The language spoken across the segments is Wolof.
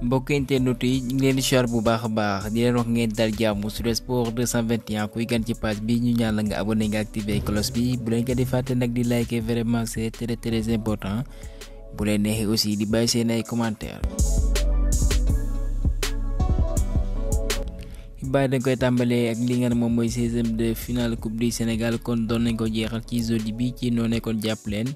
mbokk internet yi ñu ngi leen di char bu baax baax di leen wax ngeen dal jàmm sur le sport 221 kuy gan ci page bi ñu ñaan la nga abonné nga activer cloche bi bu leen ko di fàtte nag di liker vraiment c'est très très important bu leen neexee aussi di bàyyi seen ay commentaires. xibaar dañ koy tàmbalee ak li nga ne moom mooy 16 de finale coupe du Sénégal kon doon nañ ko jeexal ci bi ci noo nekkoon jàpp leen.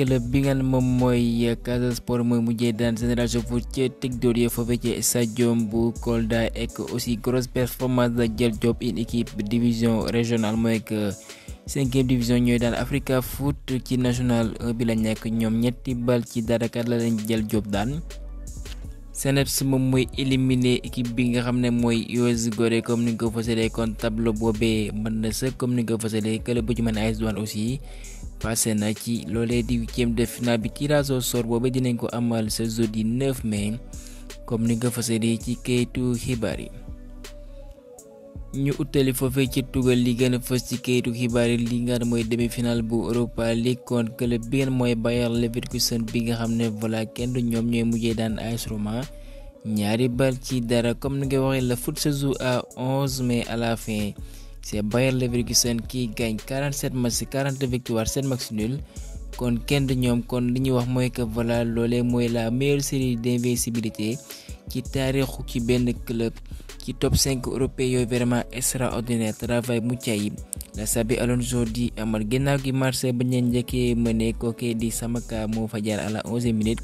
club bi nga moom mooy Casa Sport mooy mujjee daan Génération Foot ca teg dóor ya foofe ci stadium bu Kolda ek aussi grosse performance la jël job une équipe division régionale mooy que cinquième division ñooy daan Africa Foot ci national bi la nekk ñoom ñetti bal ci dara la leen jël job daan. CNEPS moom mooy éliminer équipe bi nga xam ne mooy US Gorée comme ni nga ko fasalee kon tableau boobee mën na sa comme ni nga ko fasalee kële bu ci mën AS Douanes aussi passé na ci loolee di huitième def naa bi tirage au sort dinañ ko amal sa jeudi 9 mai comme ni nga ko fasalee ci kayitu xibaar yi. ñu utali foofee ci tugal li gën a ci kayitu xibaar li nga xam mooy demi-finale bu Europa League kon club bi gën moy Bayer Leverkusen bi nga xamné voilà kenn du ñoom ñooy mujjee daan AS Roma ñaari bal ci dara comme ni nga waxé le foot se joue à 11 mai à la fin c'est Bayer Leverkusen qui gagne 47 matchs 40 victoires 7 matchs nuls kon kenn du ñoom kon li ñu wax moy que voilà l'olé moy la meilleure série d'invincibilité ci taarixu ci benn club. ci top 5 européen yooyu vraiment extraordinaire travail mucc ayib la Xabi Alonso di amal ginnaaw gi Marseille ba ñu njëkkee mëne kooke di Samaka moo fa jaar à la 11e minute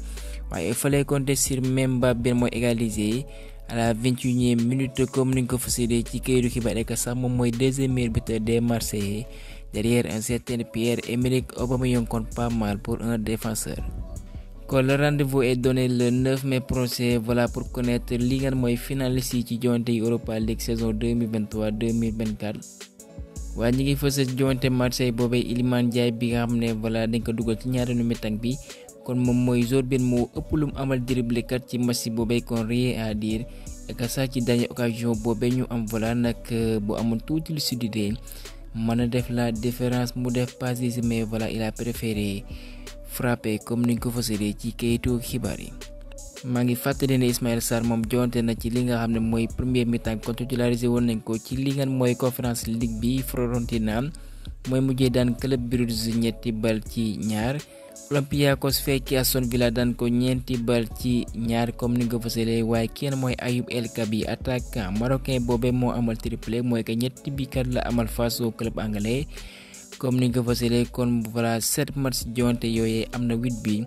waaye fallait compter sur Mbemba bi mooy égalisé à la 21e minute comme ni ko fasalee ci këyitu xibaar ak sax moom mooy deuxième meilleur buteur des Marseillais derrière un certain Pierre-Emerick Aubameyang compte pas mal pour un défenseur. kon le rendez-vous est donné le 9 mai prochain voilà pour connaître li ngeen mooy finaliste yi ci joŋante yi Europa League saison 2023 2024. waaye ñi ngi fës ci joŋante Marseille boobee Iliman Ndiaye bi nga xam ne voilà dañ ko dugal ci ñaareelu mi-temps bi kon moom mooy jour benn moo ëpp lu mu amal dribble kat ci match bi boobee kon rien à dire ak sax ci dernière occasion boobee ñu am voilà nag euh, bu amoon tuuti lucidité mën a def la différence mu def passe mais voilà il a frappé comme niñ ko fasalee ci kayitu xibaar yi. maa ngi fàttali ne Ismaïla Sarr moom jonte na ci li nga xam ne mooy premier mi-temps kon woon nañ ko ci li nga mooy conférence ligue bi Fiorentina mooy mujjee daan club Brugge ñetti bal ci ñaar Olympiakos fekki Aston Villa daan ko ñeenti bal ci ñaar comme ni nga ko fasalee waaye kenn mooy Ayoub El Kabi attaquant marocain boobe moo amal triplé mooy que ñetti bi kat la amal face au club anglais. comme ni nga ko fasalee kon voilà sept match jonte yooyee am na huit bi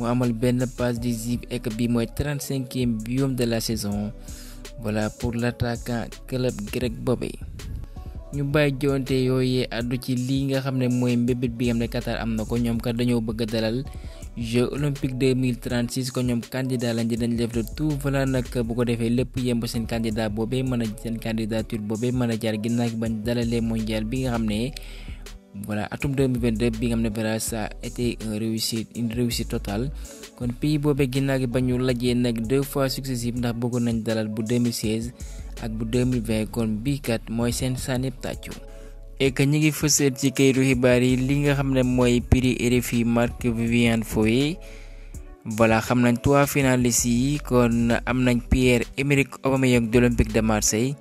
mu amal benn passe décisive ek bi mooy trent trente bi biom de la saison voilà pour l'attaquant club grec boobee. ñu bàyyi jonte yooyee addu ci lii nga xam ne mooy mbébét bi nga xam ne Qatar am na ko ñoom kat dañoo bëgg dalal Jeux olympiques 2036 ko ñoom candidat lañ di dañ def de tout voilà nag bu ko defee lépp yemb seen candidat boobee mën seen candidature boobee mën a jaar ginnaaw bañ dalalee mondial bi nga xam ne voilà atum 2022 bi nga xam ne vraiment ça a été une réussite une réussite totale kon pays boobee ginnaaw gi ba ñu lajjee nag deux fois successive ndax bëggoon nañ dalal bu 2016 ak bu 2020 kon bii kat mooy seen sànnib tàccu. et que ñi ngi fësal ci kayitu xibaar yi li nga xam ne mooy prix fi Marc Vivien Foé voilà xam nañ trois finalistes yi kon am nañ Pierre-Emerick Aubameyang de l'Olympique de Marseille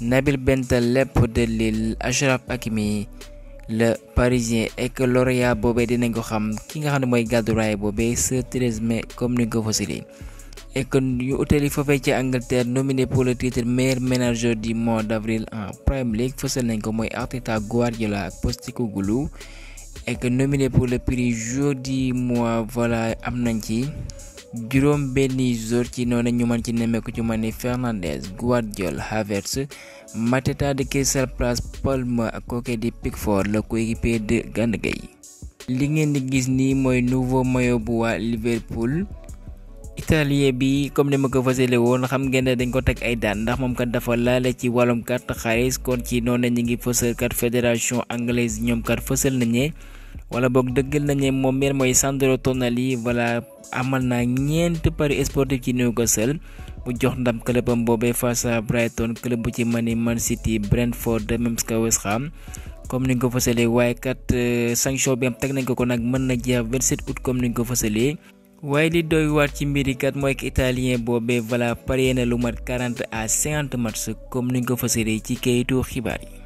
Nabil Bentaleb de Lille Achraf Hakimi le parisien et que lauréat bobé dinañ ko xam ki nga xamne moy mooy raay bobé ce 13 mai comme ni ko et que ñu hôtel fofé ci Angleterre nominé pour le titre meilleur manager du mois d'avril en prime League fësal nañ ko moy Arteta Guardiola ak goulou, et que nominé pour le prix jour du mois voilà am nañ ci juróom benni jour ci noonu ñu man ci nemmeeku ci ma ni Fernandes Guardiol Havertz Mateta de Crystal Palace Palmer ak kooke di Pickford la coéquipier de Gana Gueye li ngeen di gis nii mooy nouveau maillot bu waa Liverpool italien bi comme ni ma ko fasale woon xam ngeen ne dañ ko teg ay daan ndax moom kat dafa laale ci wàllum kat xaalis kon ci noonu ñu ngi fësal kat fédération anglaise ñoom kat fësal nañu wala boog dëggal nañu moom meen mooy Sandro Tonali wala amal na ñeenti paris sportif ci Newcastle mu jox ndam clubam boobee face à Brighton club bu ci mani Man City Brentford même ka West Ham comme ni nga ko fësalee waaye kat euh, sanction bi am tek nañ ko ko nag mën na jeex 27 août comme ni ko fësalee waaye li doy waat ci mbiri kat mooy ak italien boobee voilà pare na lu mat 40 à 50 match comme ni nga ko fësalee ci kayitu xibaar yi.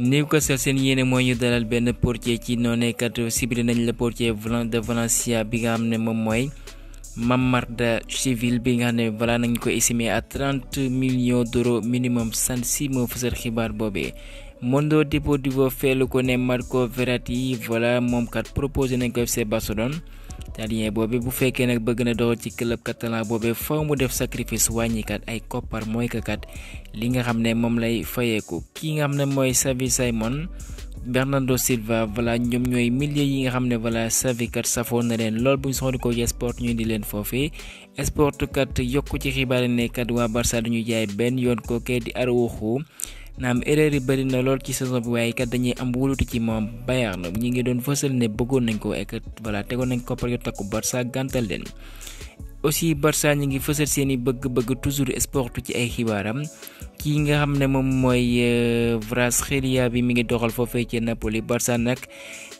Newcastle seen yéene mooy ñu dalal benn portier ci noonee kat sibiri nañ la portier de Valencia bi nga xam ne moom mooy Mamarda Civil bi nga xam ne voilà nañ ko estimé à 30 millions d'euros minimum san si moo fësal xibaar boobee. Mundo Deportivo feelu ko ne Marco Verratti wala moom kat proposé nañ ko FC Barcelone. italien boobee bu fekkee nag bëgg na doxal ci club catalan boobee faw mu def sacrifice wàññikat ay koppar mooy li nga xam ne moom lay fayeeku ki nga xam ne mooy Xavi Simons Bernardo Silva voilà ñoom ñooy milieu yi nga xam ne voilà Xavi kat na leen lool bu ñu soxandikoo ci sport ñu di leen foofee sport kat yokku ci xibaar ne kat waa Barça duñu jaay benn yoon ko di Araujo naam erreur yi bari na lool ci saison bi waaye kat dañuy am wóolute ci moom Bayern ñi ngi doon fësal ne bëggoon nañ ko ek voilà tegoon nañ koppar yu takku Barça gàntal leen aussi Barça ñi ngi fësal seeni bëgg-bëgg toujours sportu ci ay xibaaram ki nga xam ne moom mooy Kvaratskhelia eh, bi mi ngi doxal foofee ci Napoli Barça nag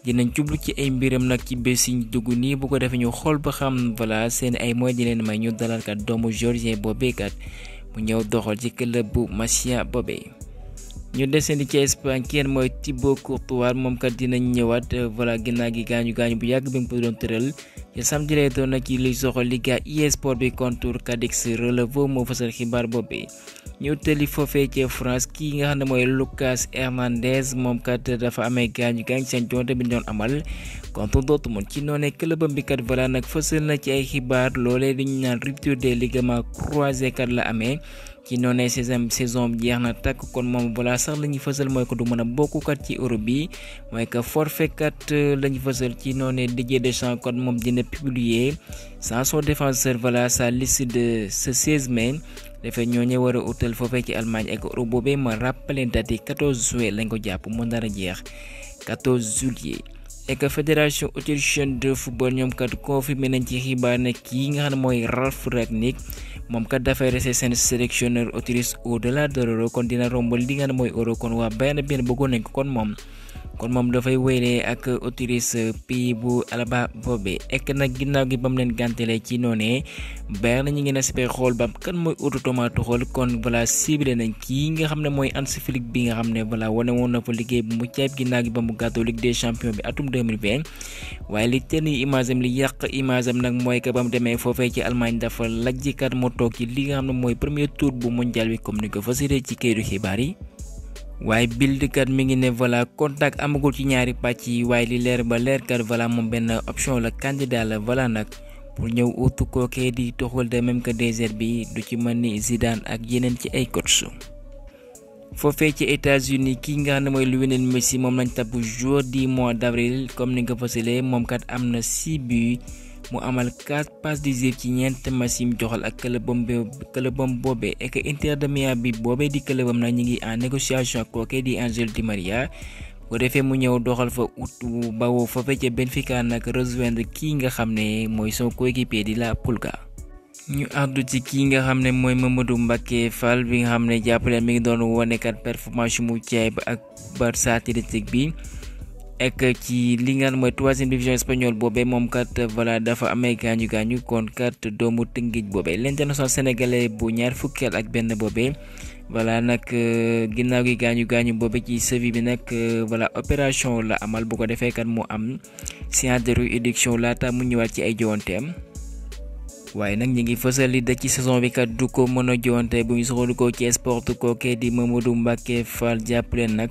dinañ jublu ci ay mbiram nag ci bés yi dugg nii bu ko defee ñu xool ba xam voilà seen ay mooy di may ñu dalal kat doomu géorgien boobee kat mu ñëw doxal ci club bu Masia boobee. ñu desandi ci Espagne kenn mooy Thibaut Courtois moom kat dinañ ñëwaat euh, voilà ginnaaw gi gaañu gaañu bu yàgg bi nga ko doon tëral te samedi lay doon nag ci luy soxal Liga e-sport bi contour Cadix Relevo moo fësal xibaar boobee. ñu tëli foofee ci France kii nga xam ne mooy Lucas Hernandez moom kat dafa amee gaañu gaañ seen jonte bi ñu amal contre Dortmund ci noonee clubam bi kat voilà nag fësal na ci ay xibaar loolee ñu naan rupture des ligaments croisés kat la amee. ci noonee de saison jeex kon mom sax la ko du de bokku de ci Europe bi moy que forfait euh, la lañu ci noné Didier kon publier sans son défenseur voilà sa liste de ce 16 mai a ci Allemagne ak Europe ma rappelé date 14 juillet lañ ko 14 juillet. et que fédération autrichienne de football ñom kat confirmé nañ ci xibaar nga moom kat dafay rese seen sélectionneur autrice au delà de l'euro kon dina rombal li nga ne mooy euro kon waa benn benn bëggoon nañ ko kon moom kon moom dafay wéylee ak autrice pii bu alaba boobe ek nag ginnaaw gi ba mu leen gantele ci noonee Bayern na ñu ngi espérer xool ba kan mooy utu Thomas Tuchel kon voilà ciblé nañ kii nga xam ne mooy Hansi Flick bi nga xam ne voilà wane woon na fa liggéey bu mu caayib ginnaaw gi ba mu gàttoo Ligue des Champions bi atum 2020 waaye li tenn image am li yàq image nag mooy que ba mu demee foofee ci Allemagne dafa lajjikat moo toog ci li nga xam ne mooy premier tour bu mondial bi comme ni ko fasiree ci kayitu xibaar yi waaye Bild kat mi ngi ne voilà contact amagul ci ñaari pàcc yi waaye li leer ba leer kat voilà moom benn option la candidat la voilà nag pour ñëw utu kookee di toxal de même que désert bi du ci mën ni Zidane ak yeneen ci ay coach foofee ci États-Unis kii nga xam ne mooy Lionel Messi moom lañ tabb jour di mois d'avril comme ni nga ko fësalee moom kat am na 6 buts mu amal quatre passes décisives ci ñeent match joxal ak clubam clubam boobee et que Inter de Miami bi boobee di clubam nag ñu ngi en négociation ak kookee di Angel Di Maria bu defee mu ñëw doxal fa ut bawoo fa ca Benfica nag rejoindre kii nga xam ne mooy son coéquipier di la Pulga. ñu àddu ci kii nga xam ne mooy Mamadou Mbacké Fall bi nga xam ne jàppale mi ngi doon wonekat performance mu ceeb ak Barça athlétique bi. ek ci li nga mooy troisième division espagnole boobee moom kat voilà dafa amee gaañu gaañu kon kat doomu tëngij boobee l'international sénégalais bu ñaar fukkeel ak benn boobee voilà nag ginnaaw gi gaañu gaañu boobee ci Séville bi nag voilà opération la amal bu ko defee kat mu am séance de rééducation laata mu ñëwaat ci ay jowanteem waaye nag ñi ngi fësal li da ci saison bi kat du ko mën a bu ñu soxalu ko ci sport kookee di Mamadou Mbacké Fall jàppaleen nag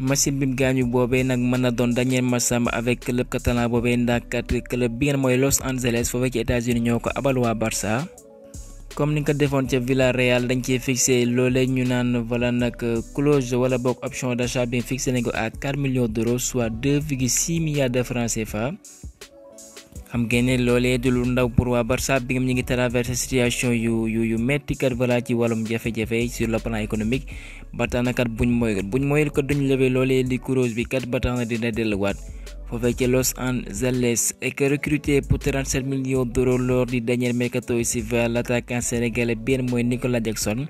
machine bi mu gaañu boobee nag mën na doon dernier match am avec club catalan boobee ndaxkat club bi ngeen mooy Los Angeles foofee ci états ñoo ko abal waa Barça. comme ni nga ko defoon ca Villarreal dañ cee fixé loolee ñu naan wala nag clause wala boog option d'achat bi fixé nañ ko à 4 millions d'euros soit 2,6 milliards de francs CFA. xam ngeen ne loolee du lu ndaw pour waa Barça bi nga ñu ngi traversé situation yu yu yu kat voilà ci wàllum jafe-jafe sur le économique ba tax na kat buñ mooy buñ mooyul kat duñ lebe loolee li kuréel bi kat ba tax na dina delluwaat foofee ci Los Angeles et que recruté pour 37 millions d'euros lors du dernier mercato estival l'attaquant sénégalais bien mooy Nicolas Jackson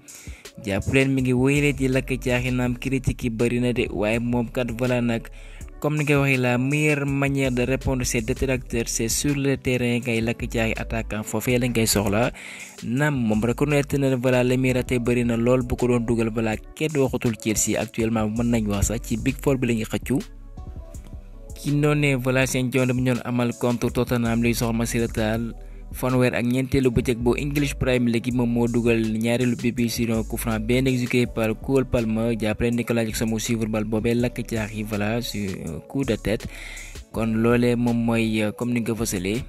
jàpp leen mi ngi wéyale di lakk caaxi naam critique na de waaye moom kat voilà nag. comme ni nga waxee la meilleure manière de répondre ces détracteurs c'est sur le terrain ngay lakk ci ay attaquant foofee lañ koy soxla naam moom reconnaître na voilà li muy raté na lool bu ko doon dugal voilà kenn waxatul Chelsea actuellement mën nañ wax sax ci big four bi la ñuy xëccu. ki noonee voilà seen joon bi ñoon amal contre Tottenham luy soxla si retard. fanweer ak ñeenteelu bëccëg boo English Premier League moom moo dugal ñaareelu bibi sinon coup franc benn exécuté par Cole Palmer jàppale suivre bal boobee lakk caax yi voilà coup de tête kon loolee moom mooy euh, comme ni nga ko fësalee.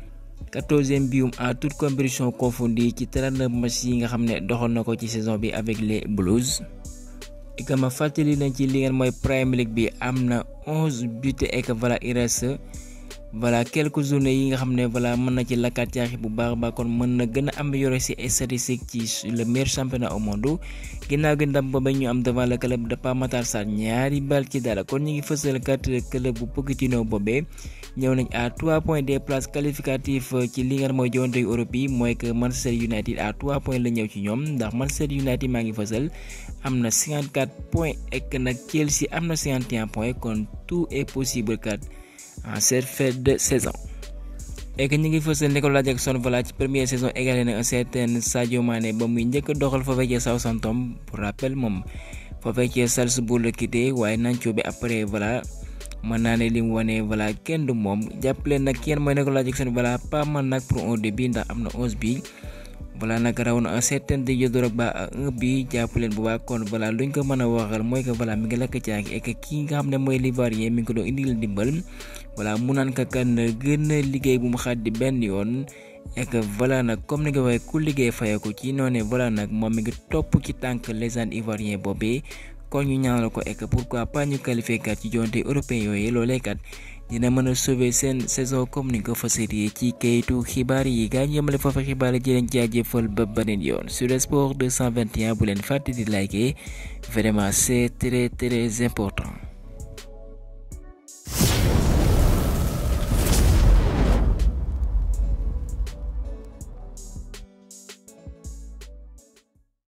quatorzième bium à toute compétition confondue ci 39 match yi nga xam ne doxal na ko ci saison bi avec les Blues. ikama fàttali nañ ci li ngeen mooy Premier League bi am na 11 buts et que voilà quelque journées yi nga xam ne voilà mën na ci lakkaat caaxi bu baax a baax kon mën na gën a amélioré si ay statistiques ci le meilleur championnat au monde ginnaaw gi ndam ba ba ñu am deval le club de Pape Matar Sarr ñaari bal ci dara kon ñu ngi fësal kat club bu Pochettino boobee ñëw nañ à 3 point des place qualificatives ci li nga xam mooy jonte yu Europe yi mooy que Manchester United à 3 points la ñëw ci ñoom ndax Manchester United maa ngi fësal am na 54 points ek nag Chelsea am na 51 points kon tout est possible kat. de saison. et que ñu ngi fësal Nicolas Jackson voilà ci première saison égalé na un certain Sadio Mané ba muy njëkk doxal foofee ci Southampton pour rappel moom foofee ci Salzbourg la quitté waaye nancoo bi après voilà mën li mu wane voilà kenn du moom jàppale nag kenn mooy Nicolas Jackson voilà pas mal nag pour un début ndax am 11 bi voilà nag raw un certain Didier Drogba un bi bu kon voilà luñ ko mën a waxal mooy que voilà mi ngi lakk caagi et que ki nga xam ne Livarien mi ngi dimbal voilà mu naan ka kan gën liggéey bu mu xaddi benn yoon ek voilà nag comme ni nga waxee ku liggéey ko ci noonee voilà nag moom mi ngi topp ci tànk légende ivoirien boobee kon ñu ñaanal ko ek pourquoi pas ñu qualifié kat ci jonte européen yooyu loolee dina mën a sauver seen saison comme ni ko fasiree ci kayitu xibaar yi gaa ñu yemale foofu xibaar yi jëleen jaajëfal ba beneen yoon sur sport 221 bu leen fàtte di liker vraiment c'est très très important